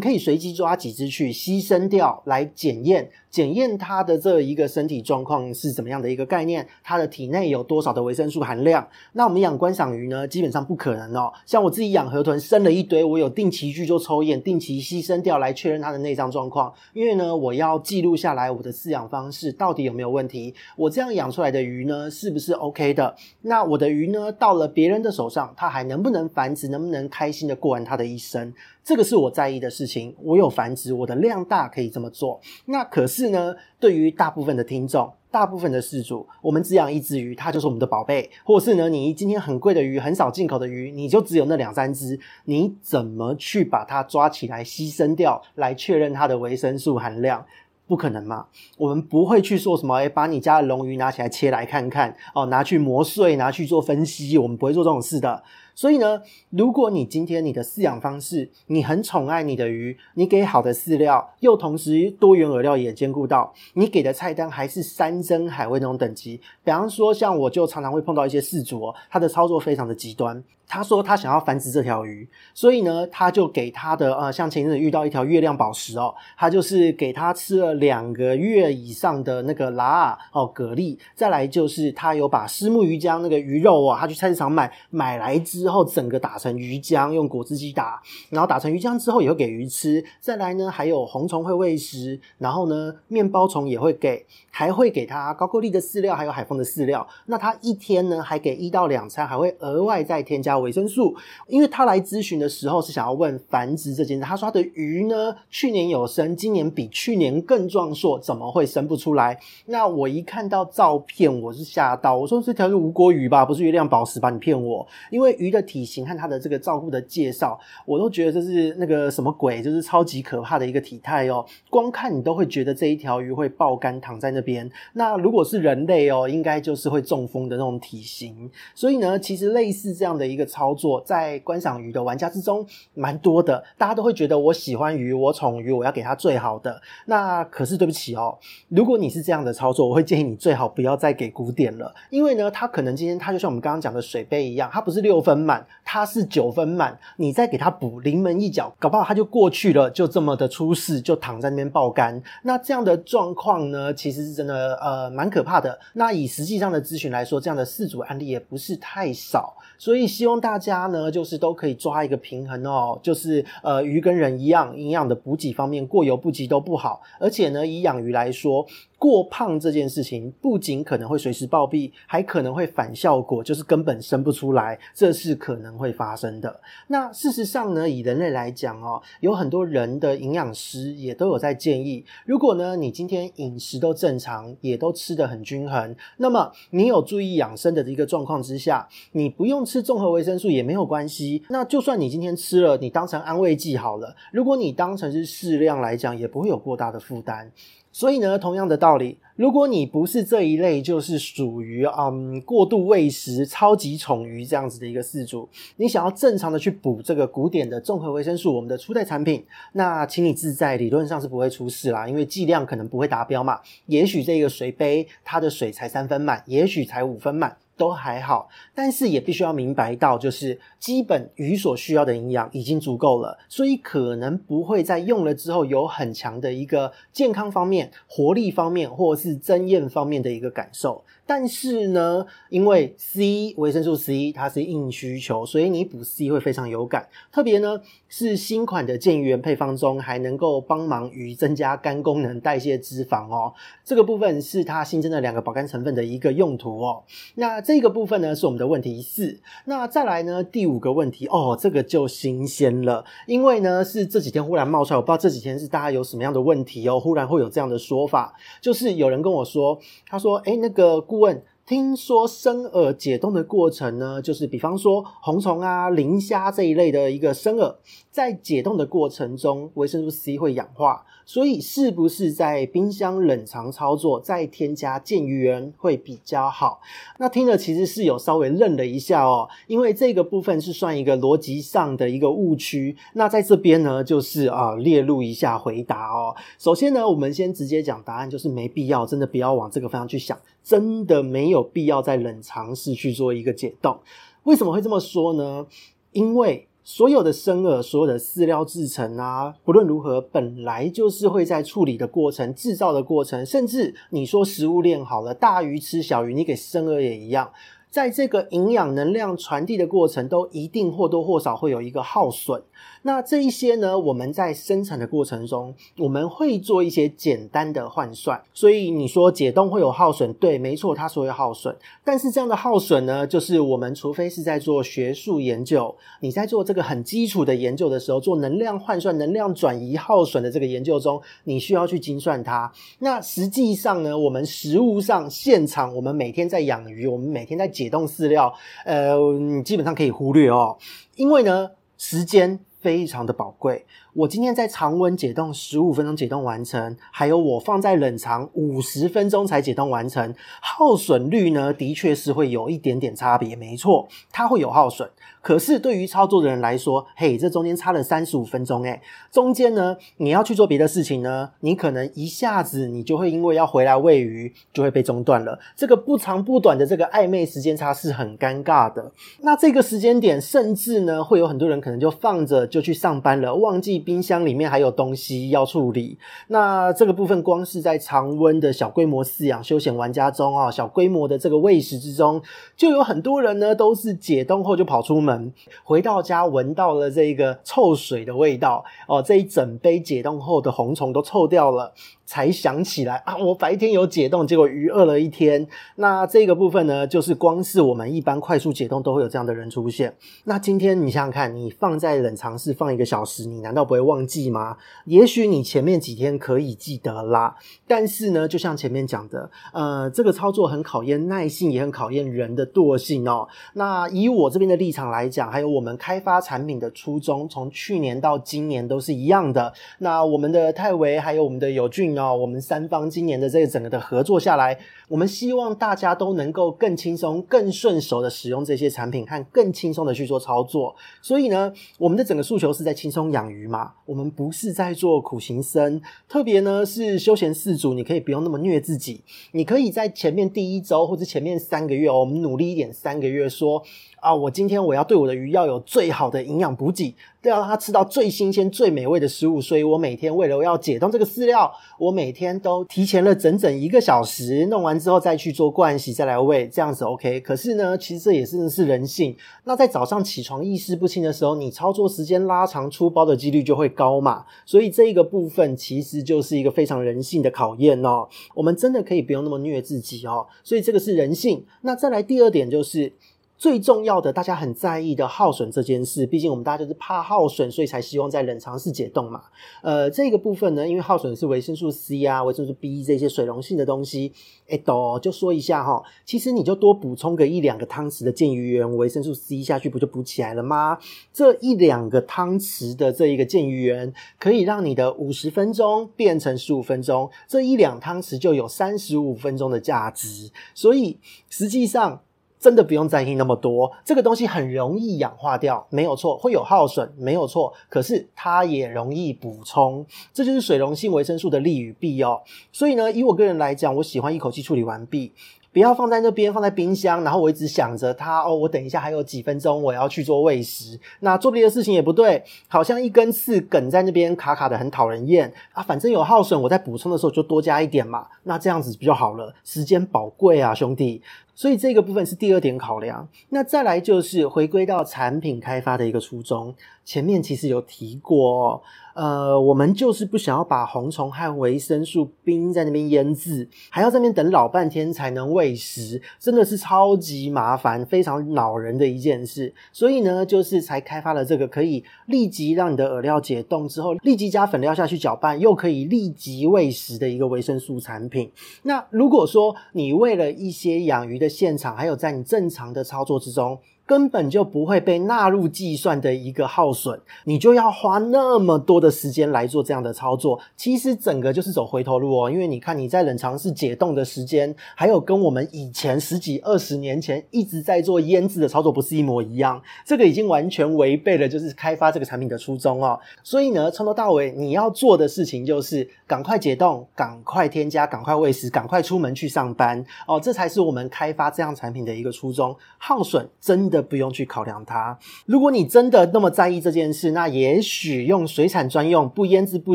可以隨機抓幾只去犧牲掉來檢驗。檢驗它的這一個身體狀況是怎麼樣的一個概念，它的體內有多少的維生素含量？那我們養觀賞魚呢，基本上不可能哦。像我自己養河豚，生了一堆，我有定期去做抽驗，定期犧牲掉來確認它的內臟狀況，因為呢，我要記錄下來我的飼養方式到底有沒有問題，我這樣養出來的魚呢，是不是 OK 的？那我的魚呢，到了別人的手上，它還能不能繁殖，能不能開心的過完它的一生？這個是我在意的事情，我有繁殖，我的量大可以這麼做。那可是呢，對於大部分的聽眾，大部分的飼主，我們只養一隻魚，它就是我們的寶貝。或是呢，你今天很貴的魚，很少進口的魚，你就只有那兩三隻，你怎麼去把它抓起來犧牲掉來確認它的維生素含量？不可能嘛。我們不會去說什麼，誒、哎，把你家的龍魚拿起來切來看看，哦，拿去磨碎，拿去做分析，我們不會做這種事的。所以呢，如果你今天你的飼養方式，你很寵愛你的魚，你給好的飼料，又同時多元餌料也兼顧到，你給的菜單還是山珍海味那種等級。比方說，像我就常常會碰到一些飼主哦，他的操作非常的極端，他說他想要繁殖這條魚，所以呢，他就給他的呃，像前一陣遇到一條月亮寶石哦，他就是給他吃了兩個月以上的那個拉餌哦，蛤蜊，再來就是他有把虱目魚漿那個魚肉啊、哦，他去菜市場買買來之、哦。之後整個打成魚漿，用果汁機打，然後打成魚漿之後也會給魚吃。再來呢，還有紅蟲會餵食，然後呢，麵包蟲也會給，還會給它高夠力的飼料，還有海豐的飼料。那它一天呢，還給一到兩餐，還會額外再添加維生素。因為他來諮詢的時候是想要問繁殖這件事。他說他的魚呢，去年有生，今年比去年更壯碩，怎麼會生不出來？那我一看到照片，我是嚇到，我說這條是吳郭魚吧？不是月亮寶石吧？你騙我！因為魚的。體型和他的這個照護，的介紹，我都覺得這是那個什麼鬼，就是超級可怕的一個體態哦。光看你都會覺得這一條魚會爆肝躺在那邊。那如果是人類哦，應該就是會中風的那種體型。所以呢，其實類似這樣的一個操作，在觀賞魚的玩家之中蠻多的。大家都會覺得我喜歡魚，我寵魚，我要給它最好的。那可是對不起哦，如果你是這樣的操作，我會建議你最好不要再給古典了，因為呢，它可能今天它就像我們剛剛講的水杯一樣，它不是六分。滿，它是九分滿，你再給它補臨門一腳，搞不好它就過去了，就這麼的出事，就躺在那邊爆肝。那這樣的狀況呢，其實是真的呃蠻可怕的。那以實際上的諮詢來說，這樣的四組案例也不是太少，所以希望大家呢，就是都可以抓一個平衡哦，就是呃魚跟人一樣，營養的補給方面過猶不及都不好，而且呢，以養魚來說。過胖這件事情不僅可能會隨時暴斃，還可能會反效果，就是根本生不出來，這是可能會發生的。那事實上呢，以人類來講哦，有很多人的營養師也都有在建議，如果呢你今天飲食都正常，也都吃得很均衡，那麼你有注意養生的一個狀況之下，你不用吃綜合維生素也沒有關係。那就算你今天吃了，你當成安慰劑好了。如果你當成是適量來講，也不會有過大的負擔。所以呢，同樣的道理，如果你不是這一類，就是屬於嗯過度餵食、超級寵魚這樣子的一個飼主，你想要正常的去補這個古典的綜合維生素，我們的初代產品，那請你自在，理論上是不會出事啦，因為劑量可能不會達標嘛。也許這個水杯它的水才三分滿，也許才五分滿。都還好，但是也必須要明白到，就是基本魚所需要的營養已經足夠了，所以可能不會在用了之後有很強的一個健康方面、活力方面，或是增艷方面的一個感受。但是呢，因為 C 維生素 C 它是硬需求，所以你補 C 會非常有感。特別呢是新款的健魚源配方中，還能夠幫忙於增加肝功能代謝脂肪哦。這個部分是它新增的兩個保肝成分的一個用途哦。那這個部分呢，是我們的問題四。那再來呢第五個問題哦，這個就新鮮了，因為呢是這幾天忽然冒出來，我不知道這幾天是大家有什麼樣的問題哦，忽然會有這樣的說法，就是有人跟我說，他說：“哎、欸，那個。”問，聽說生餌解凍的過程呢，就是比方說紅蟲啊、磷蝦這一類的一個生餌，在解凍的過程中，維生素 C 會氧化，所以是不是在冰箱冷藏操作再添加鰹魚原會比較好？那聽了其實是有稍微愣了一下哦、喔，因為這個部分是算一個邏輯上的一個誤區。那在這邊呢，就是啊，列入一下回答哦、喔。首先呢，我們先直接講答案，就是沒必要，真的不要往這個方向去想，真的沒有必要在冷藏室去做一個解凍。為什麼會這麼說呢？因為所有的生餌，所有的飼料製程啊，不論如何，本來就是會在處理的過程、製造的過程，甚至你說食物鏈好了，大魚吃小魚，你給生餌也一樣。在這個營養能量傳遞的過程，都一定或多或少會有一個耗損。那這一些呢，我們在生產的過程中，我們會做一些簡單的換算。所以你說解凍會有耗損，對，沒錯，它是會耗損。但是這樣的耗損呢，就是我們除非是在做學術研究，你在做這個很基礎的研究的時候，做能量換算、能量轉移耗損的這個研究中，你需要去精算它。那實際上呢，我們食物上現場，我們每天在養魚，我們每天在解凍飼料，呃，你基本上可以忽略哦，因為呢，時間非常的寶貴。我今天在常溫解凍十五分鐘解凍完成，還有我放在冷藏五十分鐘才解凍完成，耗損率呢，的確是會有一點點差別，沒錯，它會有耗損。可是對於操作的人來說，嘿，這中間差了三十五分鐘，哎，中間呢，你要去做別的事情呢，你可能一下子你就會因為要回來餵魚，就會被中斷了。這個不長不短的這個曖昧時間差是很尷尬的。那這個時間點，甚至呢，會有很多人可能就放着就去上班了，忘記。冰箱裡面還有東西要處理，那這個部分光是在常溫的小規模飼養休閒玩家中啊，小規模的這個餵食之中，就有很多人呢都是解凍後就跑出門，回到家聞到了這個臭水的味道哦，這一整杯解凍後的紅蟲都臭掉了，才想起來啊，我白天有解凍，結果魚餓了一天。那這個部分呢，就是光是我們一般快速解凍都會有這樣的人出現。那今天你想想看，你放在冷藏室放一個小時，你難道？不會忘記嗎？也許你前面幾天可以記得啦，但是呢，就像前面講的，呃，這個操作很考驗耐性，也很考驗人的惰性哦。那以我這邊的立場來講，還有我們開發產品的初衷，從去年到今年都是一樣的。那我們的泰維，還有我們的友俊哦，我們三方今年的這個整個的合作下來，我們希望大家都能夠更輕鬆、更順手的使用這些產品，和更輕鬆的去做操作。所以呢，我們的整個訴求是在輕鬆養魚嘛。我們不是在做苦行僧，特別呢，是休閒飼主，你可以不用那麼虐自己，你可以在前面第一周或者前面三個月哦，我們努力一點，三個月說。啊！我今天我要對我的魚要有最好的營養補給，都要讓它吃到最新鮮、最美味的食物，所以我每天為了要解凍這個飼料，我每天都提前了整整一個小時，弄完之後再去做灌洗，再來餵，這樣子 OK。可是呢，其實這也是是人性。那在早上起床意識不清的時候，你操作時間拉長，出包的幾率就會高嘛。所以這一個部分其實就是一個非常人性的考驗哦。我們真的可以不用那麼虐自己哦。所以這個是人性。那再來第二點就是。最重要的，大家很在意的耗損這件事，畢竟我們大家就是怕耗損，所以才希望在冷藏室解凍嘛。呃，這個部分呢，因為耗損是維生素 C 啊、維生素 B 這些水溶性的東西。哎、嗯，都就說一下哈、哦，其實你就多補充個一兩個湯匙的健魚源維生素 C 下去，不就補起來了嗎？這一兩個湯匙的這一個健魚源，可以讓你的五十分鐘變成十五分鐘，這一兩湯匙就有三十五分鐘的價值。所以實際上。真的不用在意那麼多，這個東西很容易氧化掉，沒有錯，會有耗損，沒有錯。可是它也容易補充，這就是水溶性維生素的利與弊哦。所以呢，以我個人來講，我喜歡一口氣處理完畢。不要放在那邊，放在冰箱。然後我一直想着它哦，我等一下還有幾分鐘，我要去做餵食。那做別的事情也不對，好像一根刺梗在那邊卡卡的，很討人厭啊。反正有耗損，我在補充的時候就多加一點嘛。那這樣子比較好了。時間寶貴啊，兄弟。所以這個部分是第二點考量。那再來就是回歸到產品開發的一個初衷。前面其實有提過，呃，我們就是不想要把紅蟲和維生素冰在那邊醃製，還要在那邊等老半天才能餵食，真的是超級麻煩，非常惱人的一件事。所以呢，就是才開發了這個可以立即讓你的餌料解凍之後，立即加粉料下去攪拌，又可以立即餵食的一個維生素產品。那如果說你為了一些養魚的現場，還有在你正常的操作之中。根本就不會被納入計算的一個耗損，你就要花那麼多的時間來做這樣的操作，其實整個就是走回頭路哦。因為你看你在冷藏室解凍的時間，還有跟我們以前十幾二十年前一直在做醃制的操作不是一模一樣，這個已經完全違背了就是開發這個產品的初衷哦。所以呢，從頭到尾你要做的事情就是趕快解凍，趕快添加，趕快餵食，趕快出門去上班哦。這才是我們開發這樣產品的一個初衷，耗損真的。不用去考量它。如果你真的那麼在意這件事，那也許用水產專用不醃制不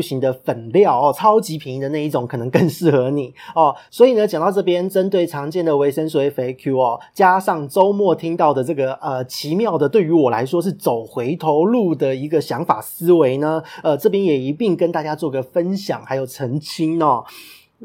行的粉料哦，超級便宜的那一種，可能更適合你哦。所以呢，講到這邊，針對常見的維生素 A、FAQ 哦，加上周末聽到的這個呃奇妙的，對於我來說是走回頭路的一個想法思維呢，呃，這邊也一併跟大家做個分享，還有澄清哦。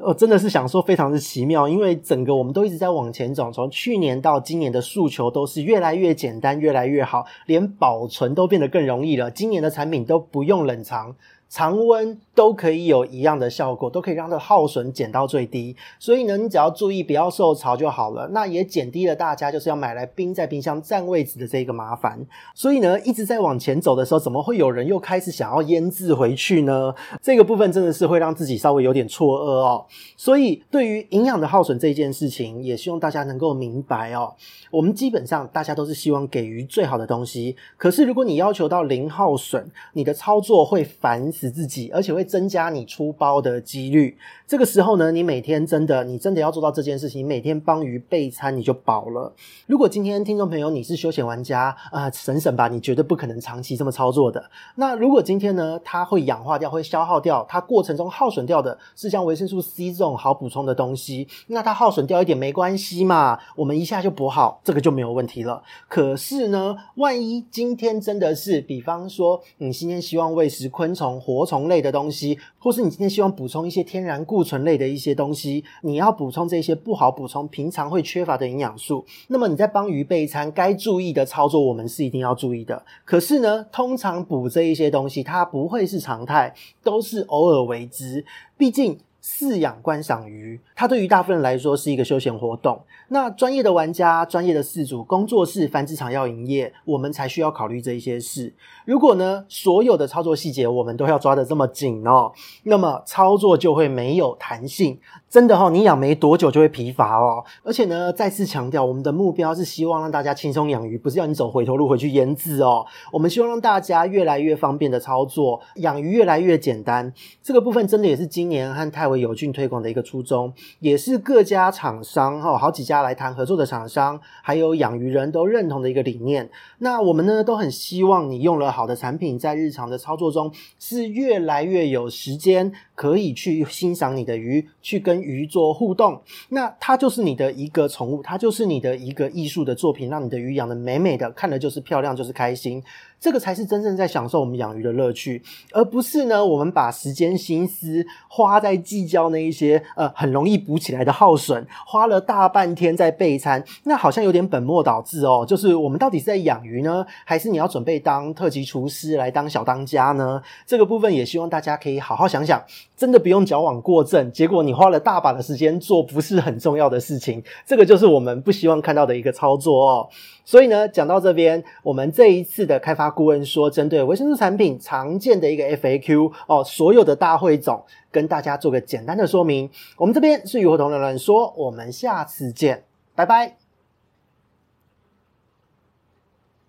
哦，真的是想說，非常的奇妙，因為整個我們都一直在往前走，從去年到今年的訴求都是越來越簡單，越來越好，連保存都變得更容易了。今年的產品都不用冷藏，常溫。都可以有一樣的效果，都可以讓它的耗損減到最低。所以呢，你只要注意不要受潮就好了。那也減低了大家就是要買來冰在冰箱占位置的這個麻煩。所以呢，一直在往前走的時候，怎麼會有人又開始想要醃製回去呢？這個部分真的是會讓自己稍微有點錯愕哦。所以對於營養的耗損這件事情，也希望大家能夠明白哦。我們基本上大家都是希望給予最好的東西，可是如果你要求到零耗損，你的操作會煩死自己，而且會增加你出包的機率。這個時候呢，你每天真的，你真的要做到這件事情，每天幫魚備餐，你就飽了。如果今天聽眾朋友你是休閒玩家啊、呃，省省吧，你絕對不可能長期這麼操作的。那如果今天呢，它會氧化掉，會消耗掉，它過程中耗損掉的是像維生素 C 這種好補充的東西，那它耗損掉一點沒關係嘛，我們一下就補好，這個就沒有問題了。可是呢，萬一今天真的是，比方說，你今天希望餵食昆蟲、活蟲類的東西，或是你今天希望補充一些天然固。庫存類的一些東西，你要補充這些不好補充、平常會缺乏的營養素。那麼你在幫魚備餐，該注意的操作我們是一定要注意的。可是呢，通常補這一些東西，它不會是常態，都是偶爾為之。畢竟。飼養觀賞魚，它對於大部分人來說是一個休閒活動。那專業的玩家、專業的飼主、工作室、繁殖場要營業，我們才需要考慮這一些事。如果呢，所有的操作細節我們都要抓得這麼緊哦、喔，那麼操作就會沒有彈性。真的哈、哦，你養沒多久就會疲乏哦。而且呢，再次強調，我們的目標是希望讓大家輕鬆養魚，不是要你走回頭路回去醃制哦。我們希望讓大家越來越方便的操作，養魚越來越簡單。這個部分真的也是今年和泰維友俊推廣的一個初衷，也是各家廠商哈，好幾家來談合作的廠商，還有養魚人都認同的一個理念。那我們呢，都很希望你用了好的產品，在日常的操作中是越來越有時間可以去欣賞你的魚，去跟魚做互動，那它就是你的一個寵物，它就是你的一個藝術的作品，讓你的魚養得美美的，看得就是漂亮，就是開心。這個才是真正在享受我們養魚的樂趣，而不是呢，我們把時間心思花在計較那一些呃很容易補起來的耗損，花了大半天在備餐，那好像有點本末倒置哦。就是我們到底是在養魚呢，還是你要準備當特級廚師來當小當家呢？這個部分也希望大家可以好好想想，真的不用矯枉過正，結果你花了大把的時間做不是很重要的事情，這個就是我們不希望看到的一個操作哦。所以呢，講到這邊，我們這一次的開發顧問說，針對維生素產品常見的一個 FAQ 哦，所有的大匯總，跟大家做個簡單的說明。我們這邊是魚活通亂亂說，我們下次見，拜拜。